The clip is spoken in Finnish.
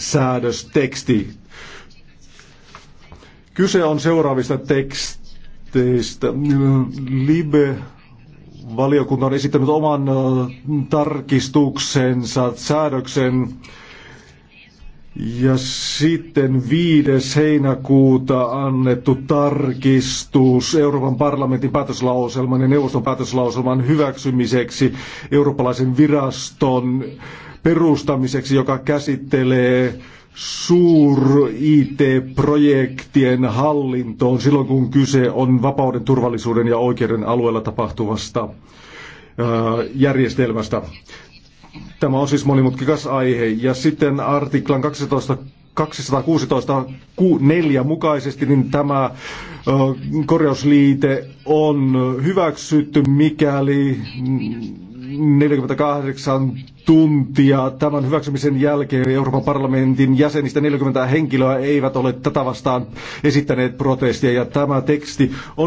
säädösteksti. Kyse on seuraavista teksteistä. Libe valiokunta on esittänyt oman tarkistuksensa säädöksen ja sitten 5. heinäkuuta annettu tarkistus Euroopan parlamentin päätöslauselman ja neuvoston päätöslauselman hyväksymiseksi eurooppalaisen viraston perustamiseksi, joka käsittelee suur-IT-projektien hallintoon silloin, kun kyse on vapauden, turvallisuuden ja oikeuden alueella tapahtuvasta järjestelmästä. Tämä on siis monimutkikas aihe. Ja sitten artiklan 12 216.4 mukaisesti, niin tämä korjausliite on hyväksytty, mikäli 48 tuntia tämän hyväksymisen jälkeen Euroopan parlamentin jäsenistä 40 henkilöä eivät ole tätä vastaan esittäneet protestia ja tämä teksti on